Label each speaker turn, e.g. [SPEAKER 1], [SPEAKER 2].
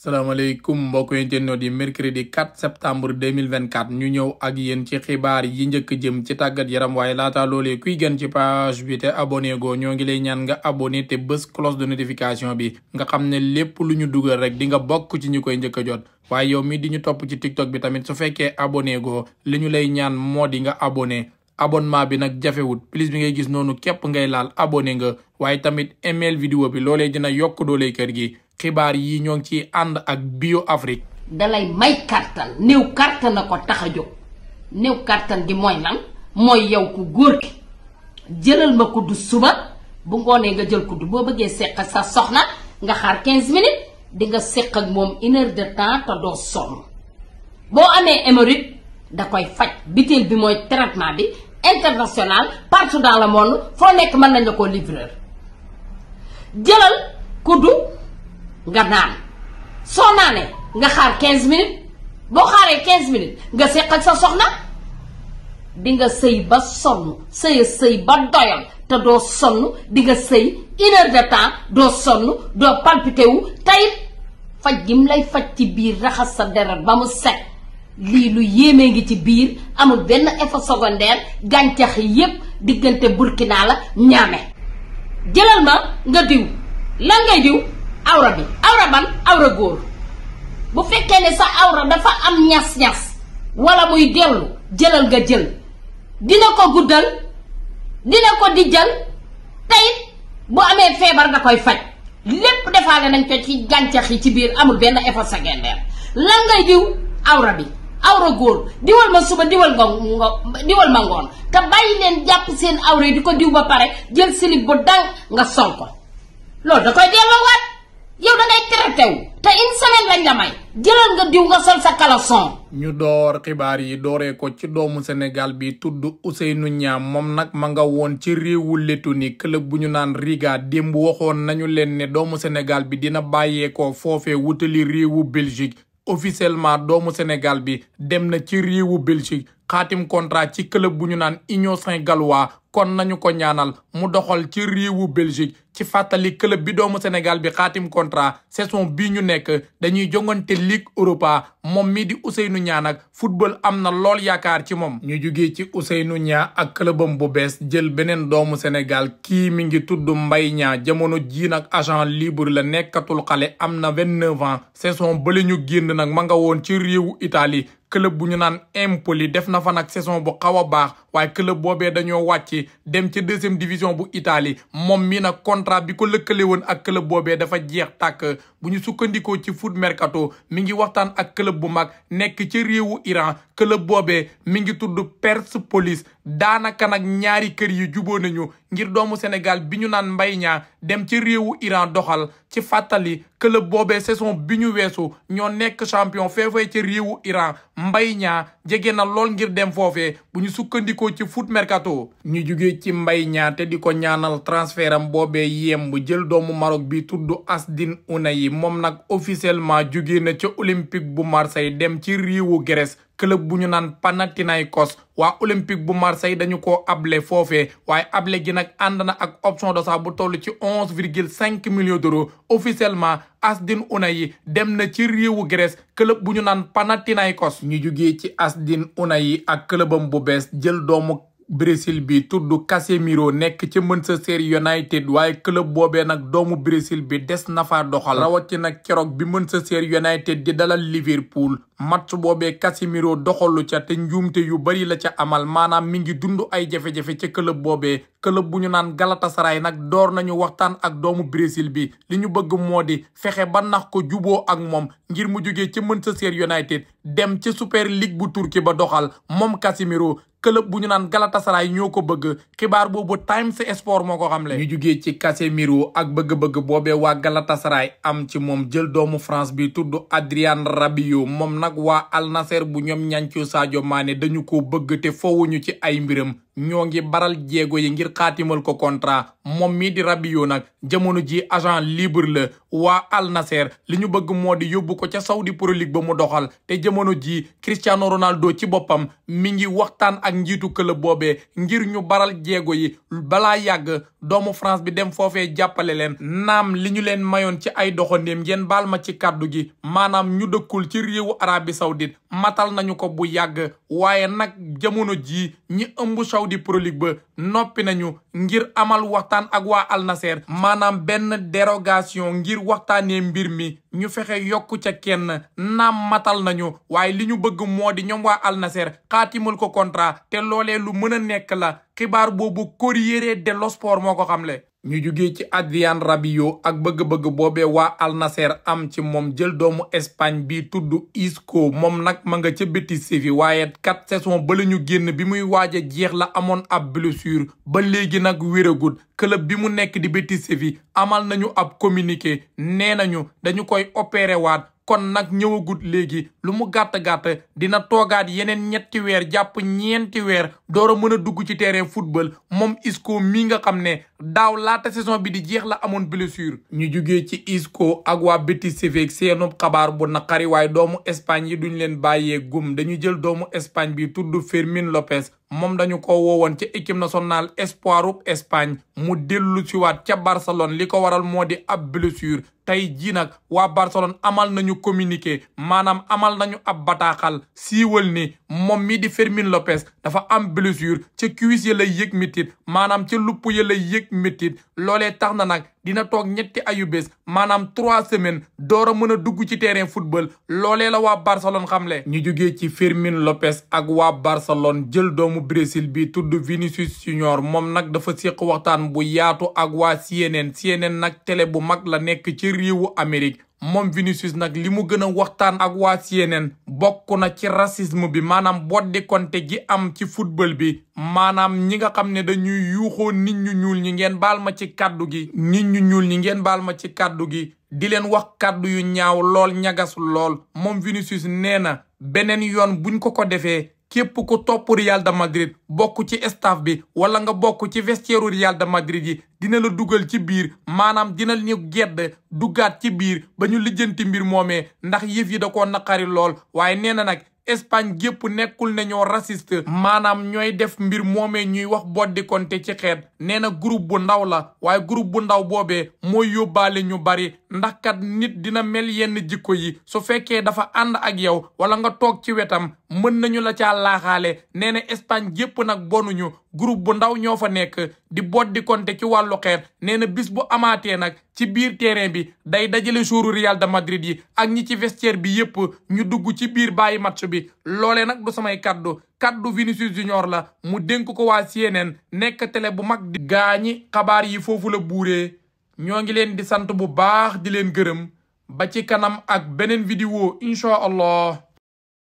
[SPEAKER 1] salaamaaleykum mbokk internautes yi mercredi 4 septembre 2024 ñu ñëw ak yéen ci xibaar yi njëkk jëm ci tàggat yaram waaye laata loolee kuy gën ci page bi te abonné go ñoo ngi lay ñaan nga abonné te bës cloche de notification bi nga xam ne lépp lu ñu dugal rek di nga bokk ci ñu koy njëkk a jot waaye yow mii di ñu topp ci tiktok bi tamit su fekkee abonné go li ñu lay ñaan moo di nga abonné abonnement bi nag jafewut plus bi ngay gis noonu képp ngay laal abonné nga waaye tamit email vidéo bi loolee dina yokk doole kër gi. xibaar yi ñoo ngi ciy ànd ak bio Afrique.
[SPEAKER 2] dalay may kàttan néew kàttan ko tax a jóg néew kàttan gi mooy nan mooy yow ku góor gi jëlal ma kudd suba bu ngoonee nga jël kudd boo bëggee seq sa soxna nga xaar 15 minutes di nga seq ak moom une heure de temps te doo sonn boo amee hémorroïde da koy faj biteel bi mooy traitement bi international partout dans le monde foo nekk mën nañ la ko livrer jëlal kudd. nga naan soo naanee nga xaar 15 minutes boo xaaree 15 minutes nga seq ak sa soxna dinga nga sëy ba sonn sëya sëy ba doyal te doo sonn dinga sëy une de temps doo sonn doo palpité tayit faj gi mu lay faj ci biir raxas sa deret ba mu set lii lu yéemee ngi ci biir amul benn effet secondaire gàncax yépp diggante Burkina la ñaame jëlal ma nga diw lan ngay diw awra bi awra ban awra góor bu fekkee ne sa awra dafa am ñas-ñas wala muy dellu jëlal nga jël dina ko guddal dina ko dijjal tayit bu amee feebar da koy faj lépp defaale nañ ko ci gàncax yi ci biir amul benn sa secondaire lan ngay diw awra bi awra góor diwal ma suba diwal nga diwal ma ngoon te bàyyi leen jàpp seen awra yi di ko diw ba pare jël silib bu dang nga sol ko loolu da koy delloowaat yow da ngay traité te une semaine lañ may jëlal nga diw nga sol sa caleçon.
[SPEAKER 1] ñu door xibaar yi dooree ko ci doomu Sénégal bi tudd Ousseynou ñaam moom nag ma nga woon ci réewu Lettonie club bu ñu naan Riga démb waxoon nañu leen ne doomu Sénégal bi dina bàyyeekoo foofee wutali réewu Belgique officiellement doomu Sénégal bi dem na ci réewu Belgique. xaatim contrat ci club bu ñu naan Union Saint-Gallois kon nañu ko ñaanal mu doxal ci réewu Belgique ci fàttali club bi doomu Sénégal bi xaatim contrat saison bii ñu nekk dañuy jongante Ligue Europa moom mii di Ousseynou nu nag football am na lool yaakaar ci moom. ñuy jugee ci nu Niang ak clubam bu bees jël beneen doomu Sénégal kii mi ngi tudd mbay ñaa jamono jii nag agent libre la nekkatul xale am na vingt-neuf ans saison bële ñu génn nag ma nga woon ci réewu Italie. club bu ñu naan impoli def na fa nag saison bu xaw a baax waaye club boobee dañoo wàcce dem ci deuxième division bu itali moom mi nag contrat bi ko lëkkale woon ak club boobee dafa jeex tàkk bu ñu sukkandiku ci foot mercato mi ngi waxtaan ak club bu mag nekk ci réewu Iran club boobee mi ngi tudd Persepolis daanaka nag ñaari kër yi juboo nañu ngir doomu Sénégal bi ñu naan mbay ñaa dem ci réewu Iran doxal ci fàttali club boobe saison bi ñu weesu ñoo nekk champion feefee ci réewu Iran mbay ñaa jege na lool ngir dem foofee bu ñu sukkandiku ci foot mercato ñu jugee ci mbay ñaate di ko ñaanal transfert am boobee yembu bu jël doomu Maroc bi tudd Azdin yi moom nag officiellement jugee na ci olympique bu Marseille dem ci réewu Grèce club bu ñu naan Panathinaikos waa olympique bu marseille dañu ko able foofee waaye able gi nag ànd na ak option d'achat bu toll ci onze virgule cinq millions d'euros officiellement Azdin Ounahi dem na ci réewu Grèce club bu ñu naan kos ñu jugee ci Azdin Ounahi ak clubam bu bees jël doomu Brésil bi tudd miro nekk ci mën Manchester United waaye club boobee nag doomu Brésil bi des na faa doxal rawatina keroog bi mën Manchester United di dalal Liverpool match boobee Casemiro doxalu ca te njuumte yu bari la ca amal maanaam mi ngi dund ay jafe-jafe ca club boobee club bu ñu naan Galatasaray nag door nañu waxtaan ak doomu Brésil bi li ñu bëgg moo di fexe ba nax ko juboo ak moom ngir mu jógee ca Manchester United dem ca Super League bu Turquie ba doxal moom Casemiro club bu ñu naan Galatasaray ñoo ko bëgg xibaar boobu Times Sport moo ko xamle. ñu jugee ci Casemiro ak bëgg-bëgg boobee waa Galatasaray am ci moom jël doomu France bi tudd Adrien Rabiot moom nag ak waa Al bu ñoom ñancoo Sadio maane dañu ko bëgg te fowuñu ci ay mbiram ñoo ngi baral jéego yi ngir xaatimal ko contrat moom mii di Rabiot nag jamono ji agent libre la waa Al Nasser li ñu bëgg moo di yóbbu ko ca Saudi Pro League ba mu doxal te jamono ji Cristiano Ronaldo ci boppam mi ngi waxtaan ak njiitu club boobee ngir ñu baral jéego yi balaa yàgg doomu France bi dem foofee jàppale leen naam li ñu leen mayoon ci ay doxandéem ngeen baal ma ci kaddu gi maanaam ñu dëkkul ci réewu Arabie Saoudite matal nañu ko bu yàgg waaye nag jamono ji ñi ëmb Saudi di Pro ba noppi nañu ngir amal waxtaan ak waa Al maanaam benn dérogation ngir waxtaanee mbir mi ñu fexe yokku ca kenn naam matal nañu waaye li ñu bëgg moo di ñoom waa Al Nassr xaatimul ko contrat te loolee lu mën a nekk la xibaar boobu Corriere dello Sport moo ko xamle ñu jugee ci Adrien Rabiot ak bëgg-bëgg boobee waa Al Nassr am ci moom jël doomu Espagne bi tudd Isco moom nag ma nga ca Betis Séville waaye quatre saison ba ñu génn bi muy waaj jeex la amoon ab blessure ba léegi nag wéragut club bi mu nekk di Betis Séville amal nañu ab communiqué nee nañu dañu koy opéré kon nag ñëwagut léegi lu mu gàtt-gàtt dina toogaat yeneen ñetti weer jàpp ñeenti weer door a mën a dugg ci terrain football moom isko mi nga xam ne daaw laata saison bi di jeex la amoon blessure ñu jugee ci Isco ak waa Betis Séville seenub xabaar bu naqari waay doomu Espagne yi duñ leen bàyyee gum dañu jël doomu Espagne bi tudd Fermin Lopez moom dañu ko woowoon ci équipe national espoiru Espagne mu dellu si waat ca Barcelone li ko waral moo di ab blessure tey jii nag waa Barcelone amal nañu communiqué maanaam amal nañu ab bataaxal siiwal ni moom mi di Fermin Lopez dafa am blessure ca cuisse ya lay yëg yëg loole tax na nag dina toog ñetti ayu maanaam trois semaines door a mën a dugg ci terrain football loole la waa Barcelone xamle. ñu jógee ci Fermin Lopez ak waa Barcelone jël doomu Brésil bi tudd Vinicius Junior moom nag dafa séq waxtaan bu yaatu ak waa CNN CNN nag télé bu mag la nekk ci réewu Amérique. moom Vinicius nag li mu gën a waxtaan ak waa CNN bokk na ci racisme bi maanaam boddikonte gi am ci football bi maanaam ñi nga xam ne dañuy yuuxoo nit ñu ñuul ñi ngeen baal ma ci kàddu gi nit ñu ñuul ñi ngeen baal ma ci kàddu gi di leen wax kàddu yu ñaaw lool ñagasul lool moom Vinicius nee na beneen yoon buñ ko ko defee képp ku topp Real de Madrid bokk ci staff bi wala nga bokk ci vestiaire Real de Madrid yi dina la dugal ci biir maanaam dina ñu gedd duggaat ci biir ba ñu lijjanti mbir moomee ndax yëf yi da koo naqari lool waaye nee na nag Espagne gépp nekkul ne ñoo raciste maanaam ñooy def mbir moomee ñuy wax boddi konte ci xeet nee na groupe bu ndaw la waaye groupe bu ndaw boobee mooy yóbbaale ñu bari ndax kat nit dina mel yenn jikko yi su fekkee dafa ànd ak yow wala nga toog ci wetam mën nañu la ca laaxaale nee na Espagne gépp nag bonuñu group bu ndaw ñoo fa nekk di boddi Conte ci wàllu xeer nee na bis bu amaatee nag ci biir terrain bi day dajale joueur Real de Madrid yi ak ñi ci vestiaire bi yépp ñu dugg ci biir bàyyi match bi loole nag du samay kaddu kaddu Vinicius Junior la mu dénk ko waa CNN nekk télé bu mag di gaañi xabaar yi foofu la buuree ñoo ngi leen di sant bu baax di leen gërëm ba ci kanam ak beneen vidéo incha allah